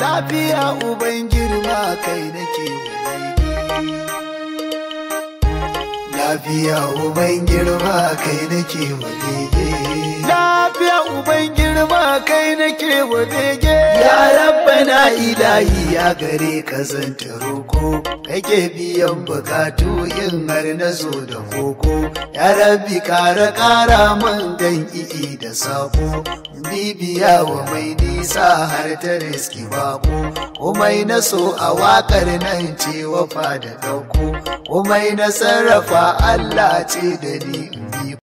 Lafiya uban girma kai nake Lafiya uban girma kai nake wadege Lafiya uban girma kai nake wadege ilahi ya gare ka zanta roko kake biyan bukatu yin har na zo da koko ya rabi kara kara man gan i'i da sako bibiya wa mai nisa har ta riski bako komai na so a wakar nan ce wafa da dauko komai na sarrafa Allah ce da ni